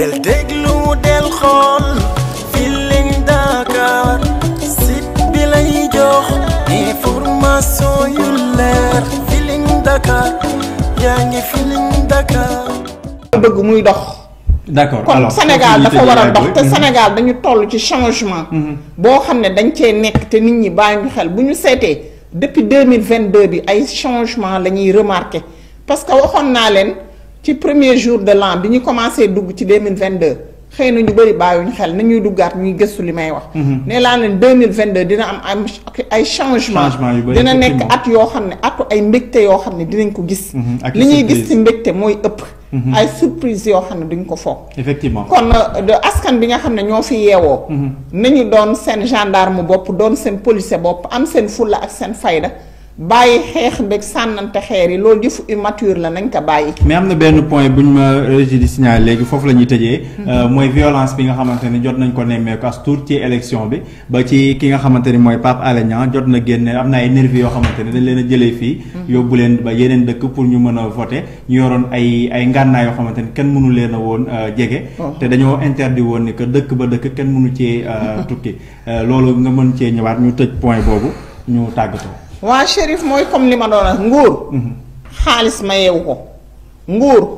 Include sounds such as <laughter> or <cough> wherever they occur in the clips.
del déglu del xool Feeling Dakar site bi lay jox information yu leer Feeling Dakar yaa ngi Feeling Dakar. bëgg muy dox. d'accord alors kon Sénégal dafa war a dox te mhm. Sénégal dañu toll ci changement. Mhm. boo xam ne dañ cee nekk te nit ñi bàyyi ñu xel bu ñu seetee depuis deux mille vingt deux bi ay changement la ñuy remarqué parce waxoon naa leen. ci premier jour de l'an bi ñu commencé dugg ci 2022 xëy na ñu bëri bàyyiwuñ xel na ñuy duggaat ñu gëstu li may wax. Mhm. nee laa leen de dina am ay changement dina nekk at yoo xam ne atu ay mbégte yoo xam ne dinañ ko gis. Mhm, li ñuy gis ci mbégte mooy ëpp. Mhm. ay surprise yoo xam ne duñ ko foog. effectivement kon de askan bi nga xam ne ñoo fi yeewoo. nañu doon seen gendarme bopp doon seen policier bopp am seen fulla ak seen fayda. bàyyi xeex beeg sànnante xeer yi loolu jëfu immature la nañ ko bàyyi. mais am na benn point bu ñu ma régi euh, di léegi foofu la ñuy tëjee. Mm-hmm. Euh, mooy violence bi nga xamante ne jot nañ ko nemmeeku as tuut ci élection bi ba ci ki nga xamante ne mooy Pape Alé Niang jot na génne am na ay nervis yoo xamante ne dañ leen a jëlee fii. Mm-hmm. yóbbu leen ba yeneen dëkk pour ñu mën a voter ñu yoroon ay ay ngànnaay yoo xamante ne kenn mënu leen a woon euh, jege. Oh. te dañoo interdit woon ni que dëkk ba dëkk kenn mënu cee mm-hmm. tukki loolu nga mën cee ñëwaat ñu tëj point boobu ñu tàggatoo. waa shérif mooy comme li ma doon wax nguur. Mhm. xaalis mayewu ko. nguur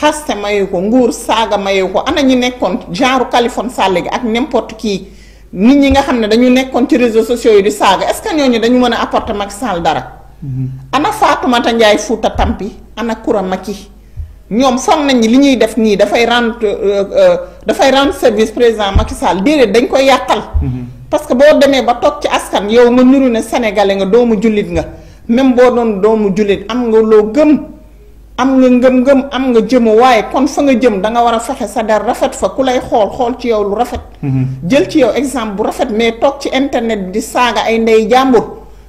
xaste mayewu ko nguur saaga mayewu ko na ñi nekkoon genre Kaliphone Sall gi ak n'importe kii nit ñi nga xam ne dañu nekkoon ci réseau sociaux yi di saaga est-ce que ñooñu dañu mën a apporter Macky Sall dara. Mhm. ana Fatoumata Ndiaye Fouta Tampi ana Koura Macky ñoom foog nañ ni li ñuy def nii dafay rendre euh, euh, dafay rendre service président Macky Sall déedéet dañ koy yàqal. Mhm. parce que boo demee ba toog ci askan yow nga nuru ne sénégalais nga doomu jullit nga même boo doon doomu jullit am nga loo gëm am nga ngëm-ngëm am nga jëmu waaye kon fa nga jëm da nga war a fexe sa der rafet fa ku lay xool xool ci yow lu rafet. Mhm. jël ci yow exemple bu rafet mais toog ci internet bi di saaga ay ndey jàmbur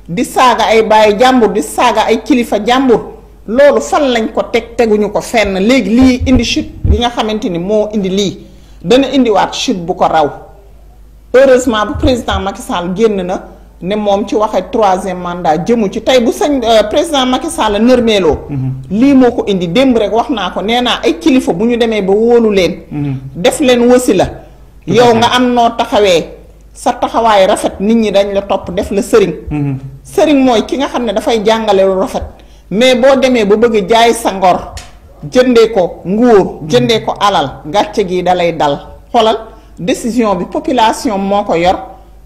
di saaga ay baay jàmbur di saaga ay kilifa jàmbur. loolu fan lañ ko teg teguñu ko fenn léegi lii indi chute bi nga xamante ni moo indi lii dana indiwaat chute bu ko raw heureusement bu président Macky Sall génn na ne moom ci waxe troisième mandat jëmu ci tey bu sañ euh, président Macky Sall nërmeeloo mm-hmm. lii moo ko indi démb rek wax naa ko nee naa ay kilifa bu ñu demee ba wóolu leen mm-hmm. def leen wasi la mm-hmm. yow nga am noo taxawee sa taxawaay rafet nit ñi dañ la topp def la sëriñ sëriñ mooy ki nga xam ne dafay jàngale lu rafet mais boo demee ba bëgg jaay sa ngor jëndee ko nguur jëndee ko alal gàcce gi dalay dal xolal décision bi population moo ko yor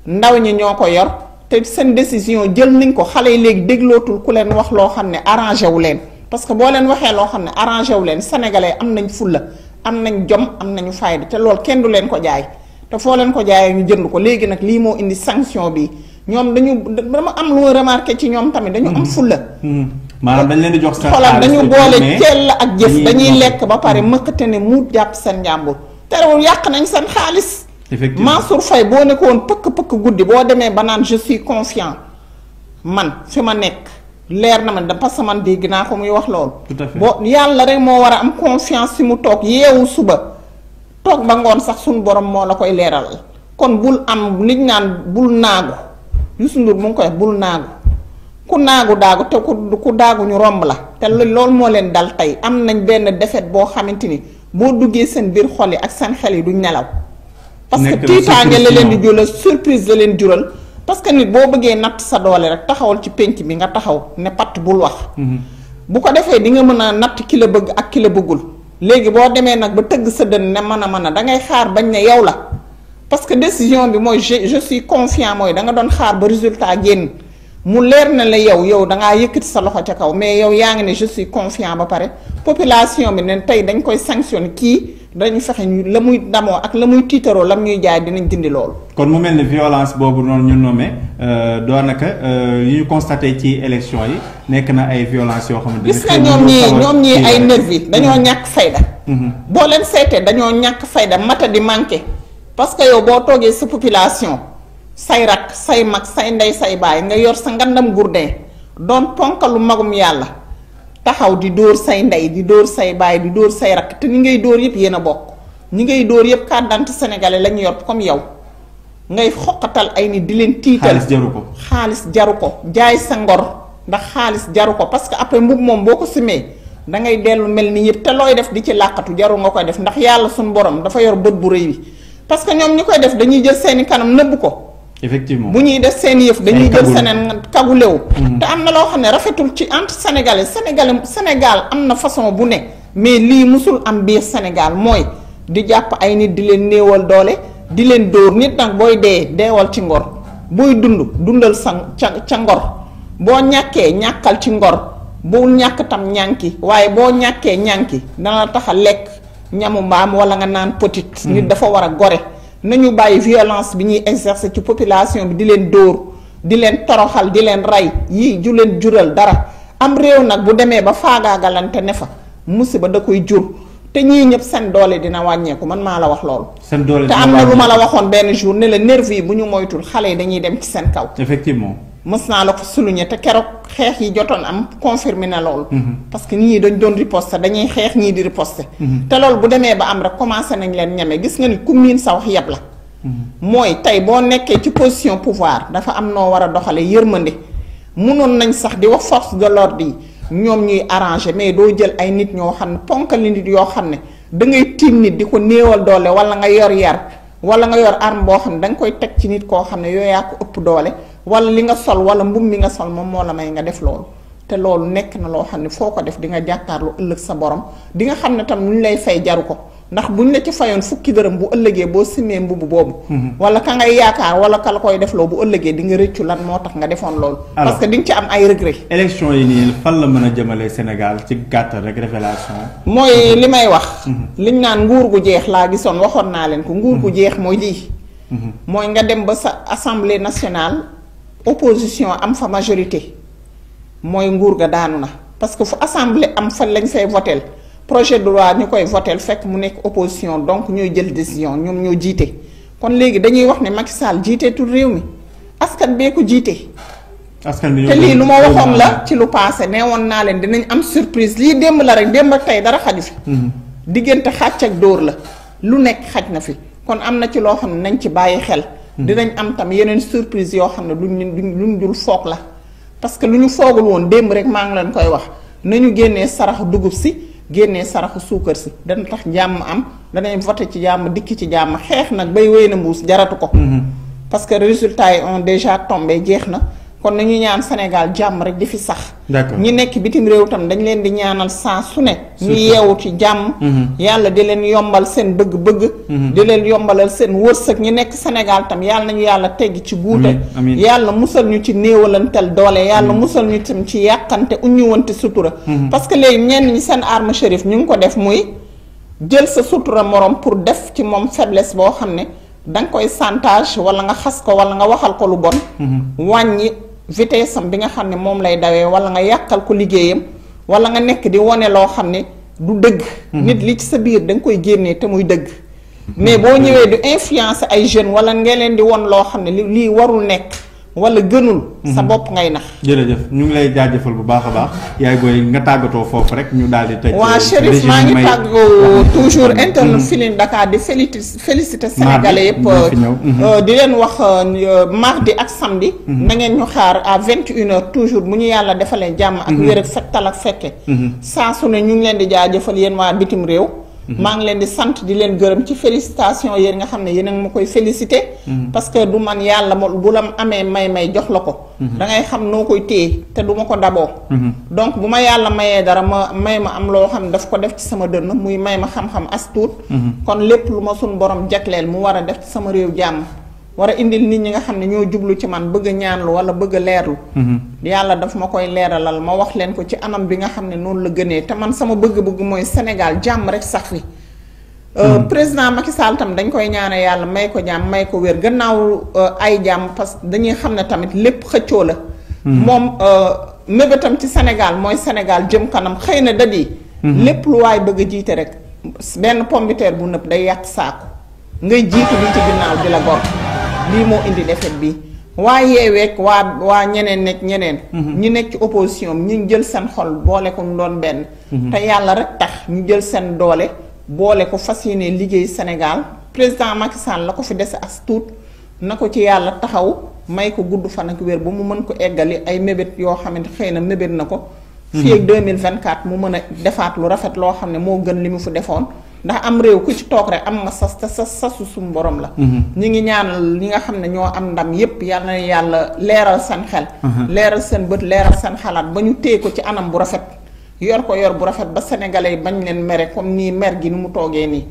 ndaw ñi ñoo ko yor te seen décision jël nañ ko xale yi léegi déglootul ku leen wax loo xam ne arrangé wu leen parce que boo leen waxee loo xam ne arrangé wu leen sénégalais am nañ fulla am nañ jom am nañu fayda te lool kenn du leen ko jaay te foo leen ko jaayee ñu jënd ko léegi nag lii moo indi sanction bi ñoom dañu dama am lu remarqué ci ñoom tamit dañu am hmm. fulla hmm. maanaam dañ leen di jox seen xaalis xoolal dañu boole teel ak jëf dañuy lekk ba pare hmm. mëkkate ne mu jàpp seen njàmbur terewul yàq nañ seen xaalis. effectivement Mansour Faye boo nekkoon woon pëkk pëkk guddi boo demee ba naan je suis confiant man fi ma nekk leer na ma da parce que man dégg naa ko muy wax loolu. boo yàlla rek moo war a am confiance si mu toog yeewu suba toog ba ngoon sax suñu borom moo la koy leeral kon bul am nit naan bul naagu Youssou Ndour mu ngi koy wax bul naagu ku naagu daagu te ku ku daagu ñu romb la te loolu moo leen dal tey am nañ benn défaite boo xamante ni. boo duggee seen biir xol yi ak seen xel yi du nelaw parce que tiitaange la leen di jural surprise la leen jural parce que nit boo bëggee natt sa doole rek taxawal ci pénc bi nga taxaw ne patt bul wax mhm. bu ko defee di nga mën a natt ki la bëgg ak ki la bëggul léegi boo demee nag ba tëgg sa dënn ne mën a mën a dangay xaar bañ ne yow la parce que décision bi mooy je je suis confiant mooy da nga doon xaar ba résultat génn mu leer na la yow yow da ngaa yëkkati sa loxo ca kaw mais yow yaa ngi ne je suis confiant ba pare population bi ne tey dañ koy sanctionné kii dañu fexe la muy damoo ak la muy tiitaroo lam ñuy jaay dinañ dindi loolu. kon mu mel ni violence boobu noonu ñu nommé euh, doonaka euh, yu ñu constaté ci élection yi nekk na ay violence yoo xam ne. gis nga ñoom mhm. dañoo ñàkk fayda. Mhm. boo leen seetee dañoo ñàkk fayda mata di manqué parce que yow boo toogee sa population. say rak say mag say ndey say baay nga yor sa ngandam gurdin doon ponkalu magum yàlla taxaw di dóor say ndey di dóor say baay di dóor say rak te ñi ngay dóor yëpp yéen a bokk ñi ngay dóor yëpp carte d'identité sénégalais la ñu yor comme yow ngay xoqatal ay nit di leen tiital xaalis jaru ko xaalis jaru ko jaay sa ngor ndax xaalis jaru ko parce que après mbub moom boo ko simee da ngay dellu mel ni yëpp te looy def di ci làqatu jaru nga koy def ndax yàlla suñu borom dafa yor bët bu rëy bi parce que ñoom ñi koy def dañuy jël seeni kanam nëbb ko effectivement bu ñuy def seen yëf dañuy jël seneen kagulew mm-hmm. te am na loo xam ne rafetul ci entre sénégalais sénégalais sénégal am na façon bu ne mais lii mosul am biir sénégal mooy di jàpp ay nit di leen néewal doole di leen dóor nit nag booy dee deewal ci ngor booy dund dundal sa ca ca ngor boo ñàkkee ñàkkal ci ngor bu ñàkk tam ñànki waaye boo ñàkkee ñànki dana la tax a lekk ñamu mbaam wala nga naan petit nit mm-hmm. dafa war a gore nañu bàyyi violence bi ñuy exercer ci population bi di leen dóor di leen toroxal di leen rey yii ju leen jural dara am réew nag bu demee ba faagaagalante ne fa musiba da koy jur te ñii ñëpp seen doole dina wàññeeku man maa la wax loolu. seen doole te am na lu ma la waxoon benn jour ne la nervi bu ñu moytul xale yi dañuy dem ci seen kaw. effectivement. mës naa la ko souligner te keroog xeex yi jotoon am confirmer na loolu. Mhm. parce que ñii dañu doon riposter dañuy xeex ñii di riposter. Mhm. te loolu bu demee ba am rek commencé nañ leen ñeme gis nga ni ku miin sa wax yeb la. Mhm. mooy tey boo nekkee ci position pouvoir dafa am noo war a doxalee yërmande munoon nañ sax di wax force de l'ordre yi ñoom ñuy arranger mais doo jël ay nit ñoo xam ne ponkali nit yoo xam ne da ngay tiim nit di ko néewal doole wala nga yor yar. wala nga yor arme boo xam ne danga koy teg ci nit koo xam ne yooyu ko ëpp doole wala li nga sol wala mbum mi nga sol moom moo la may nga def loolu te loolu nekk na loo xam ne foo ko def di nga jàkkaarlu ëllëg sa borom di nga xam ne tam lu ñu lay fay jaru ko ndax bu buñ la ci fayoon fukki dërëm bu ëllëgee boo simee mbubb boobu wala ka ngay yaakaar wala ka la koy def loo bu ëllëgee di nga rëccu lan moo tax nga defoon loolu parce que di nga ci am ay regret élection yi nii fan la mën a jëmale Sénégal ci gàttal rek révélation mooy mm-hmm. li may wax mm-hmm. liñ naan nguur gu jeex laa gisoon waxoon naa leen ko nguur gu mm-hmm. jeex mooy lii mooy nga dem ba sa assemblée nationale opposition am fa majorité mooy nguur ga daanu na parce que fu assemblée am fan lañ fay votel projet de loi ñu koy votel fekk mu nekk opposition donc ñooy jël décision ñoom ñoo jiite kon léegi dañuy wax ne Macky Sall jiiteetul réew mi askan bee ko jiite. askan te lii lu ma waxoon la ci lu paase nee woon naa leen dinañ am surprise lii démb la rek démb ak tey dara xaju fi. Mhm. diggante xàcc ak dóor la lu nekk xaj na fi kon am na ci loo xam ne nañ ci bàyyi xel. Mhm. dinañ am tam yeneen surprise yoo xam ne duñ duñ luñ dul foog la parce que lu ñu foogul woon démb rek maa ngi leen koy wax nañu génnee sarax dugub si. génnee saraxu suukar si dana tax jàmm am danay voté ci jàmm dikk ci jàmm xeex nag bay wéy na mbuus jaratu ko mm-hmm. parce que résultat yi on déjà tombé jeex na kon nañu ñaan Sénégal jàmm rek di fi sax. d'accord ñi nekk bitim réew tam dañ leen di ñaanal saa su ne. ñu yeewu ci jàmm. Mm-hmm. yàlla di leen yombal seen bëgg-bëgg. Mm-hmm. di leen yombalal seen wërsëg ñi nekk Sénégal tam yàlla nañu yàlla tegg ci guute. yàlla musal ñu ci néewalantal doole yàlla mm-hmm. musal ñu tam ci yàqante uñuwante sutura. parce que léegi ñenn ñi seen arme shérif ñu ngi ko def muy jël sa sutura moroom pour def ci moom faiblesse boo xam ne da nga koy chantage wala nga xas ko wala nga waxal ko lu bon. vitesse am bi nga xam ne moom lay dawee wala nga yàqal ko liggéeyam wala nga nekk di wane loo xam ne du dëgg. Mhm. nit li ci sa biir da koy génnee te muy dëgg. Mhm. mais boo ñëwee du influence ay jeunes wala nga leen di won loo xam ne li lii warul nekk. wala gënul. Mhm. sa bopp ngay nax. jërëjëf ñu ngi lay jaajëfal bu baax a baax yaay booy nga tàggatoo foofu rek ñu daal di. tëj waa euh, Chérif maa ngi tàggatoo <laughs> toujours mhm. internet Feeling Dakar di félicité félicité sénégalais yëpp. Euh, mhm. di leen wax euh, mardi ak samedi. na ngeen ñu xaar à vingt une heure toujours bu ñu yàlla defalee jàmm. ak wér ak fettal ak fekke. saa su ne ñu ngi leen di jëfal yéen waa bitim réew. Mhm. maa ngi leen di sant di leen gërëm ci félicitation yéen nga xam ne yéen ma koy félicité. Mhm. parce que du man yàlla ma bu la amee may-may jox la ko. Mhm. da ngay xam noo koy téye te du ma ko daboo. donc bu ma yàlla mayee dara ma may ma am loo xam ne daf ko def ci sama dënn muy may ma xam-xam as tuut. kon lépp lu ma suñ borom jagleel mu war a def ci sama réew jàmm. war a indil nit ñi nga xam ne ñoo jublu ci man bëgg a ñaanlu wala bëgg a leerlu mm-hmm. yàlla daf ma koy leeralal ma wax leen ko ci anam bi nga xam ne noonu la gënee te man sama bëgg-bëgg mooy Sénégal jàmm rek sax fi euh, mm-hmm. président Macky Sall dañ koy ñaane yàlla may ko jàmm may ko wér gannaaw euh, ay jàmm parce que dañuy xam ne tamit lépp xëccoo la mm-hmm. moom euh, mébétam ci Sénégal mooy Sénégal jëm kanam xëy na dadi lépp lu waay bëgg a jiite rek benn pombiteer bu nëpp day yàq saako ngay jiitu li ci ginnaaw di la gor lii moo indi defet bi waa yeeweeg waa waa ñeneen nekk ñeneen mhm. ñi nekk ci opposition ñu jël seen xol boole ko doon benn mhm. te yàlla rek tax ñu jël seen doole boole ko fas ne liggéey Sénégal président Macky Sall la ko fi dese as tuut na ko ci yàlla taxaw may ko gudd fan ak wér ba mu mën ko eggali ay mébét yoo xamante xëy na mébét na ko mhm. fii ak 2024 mu mën a defaat lu rafet loo xam ne moo gën li mu fi defoon ndax am réew ku ci toog rek am nga sas te sas sasu sum borom la. Mhm. ñi ngi ñaanal ñi nga xam ne ñoo am ndam yépp yal na yàlla leeral seen xel. Mhm. leeral seen bët leeral seen xalaat ba ñu téye ko ci anam bu rafet. yor ko yor bu rafet ba sénégalais yi bañ leen mere comme nii mer gi ni mu toogee nii.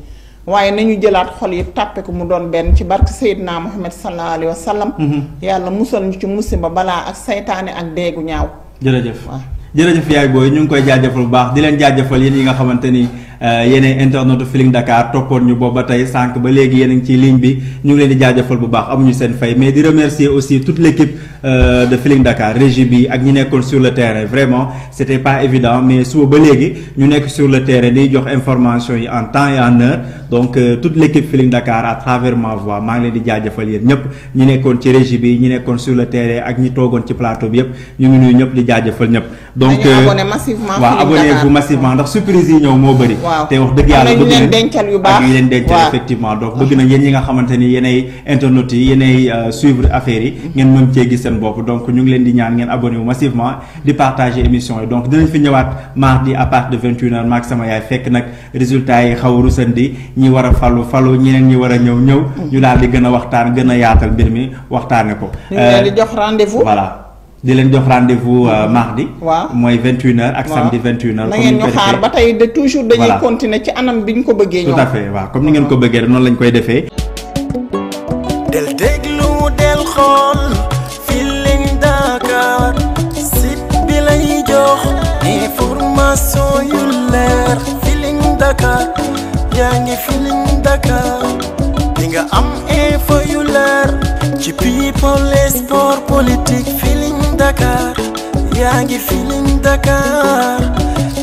waaye ñu jëlaat xol yi tàppe ko mu doon benn ci barke Seydina Muhammad sallallahu alayhi wa sallam. Mhm. yàlla musal ñu ci musiba balaa ak seytaane ak deegu ñaaw. jërëjëf jërëjëf yaay booy ñu ngi koy jaajëfal bu baax di leen jaajëfal yéen yi nga xamante ni Euh, yéen internet Feeling Dakar toppoon ñu booba tey sànq ba léegi yéen ngi ci ligne bi ñu ngi leen di jaajafal bu baax amuñu seen fay mais di remercier aussi toute l'équipe euh, de Feeling Dakar régie bi ak ñi nekkoon sur le terrain vraiment c'était pas évident mais suba ba léegi ñu nekk sur le terrain di jox information yi en temps et en heure donc euh, toute l'équipe Feeling Dakar à travers ma maa ngi leen di jaajëfal yéen ñëpp ñi nekkoon ci régie bi ñi nekkoon sur le terrain ak ñi toogoon ci plateau yëpp ñu ñëpp di jaajëfal ñëpp donc waaw abonné bu massivement ndax surprise yi ñëw moo bëri te wax dëgg yàlla bëgg leen dencal yu baax yu leen dencal effectivement donc bëgg nañ yéen ñi nga xamante ni yéenay internautes yi yéenay euh, suivre affaires yi ngeen mën cee gis seen bopp donc ñu ngi leen di ñaan ngeen abonné wu massivement di partager émission yi donc dinañ fi ñëwaat mardi à partir de 21h maak sama yaay fekk nag résultat yi xaw rusandi ñi war a falu falu ñeneen ñi war a ñëw ñëw mm. ñu daal gën a waxtaan gën a yaatal mbir mi waxtaane ko di euh, jox rendez-vous di leen jox rendez-vous euh, mardi. waaw mooy 21h ak samedi 21h. comme na ngeen ñu xaar ba tey de toujours dañuy continuer ci anam bi ñu ko bëggee. ñoom tout à fait waaw comme ni ngeen ko bëggee noonu lañ koy defee. del déglu del xool Feeling Dakar site bi lay jox information yu leer Feeling Dakar yaa ngi Feeling Dakar di nga am info yu leer. ci people les sport politique Feeling Dakar yaa ngi Feeling Dakar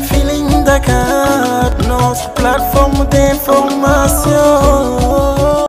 Feeling Dakar notre plateforme d'information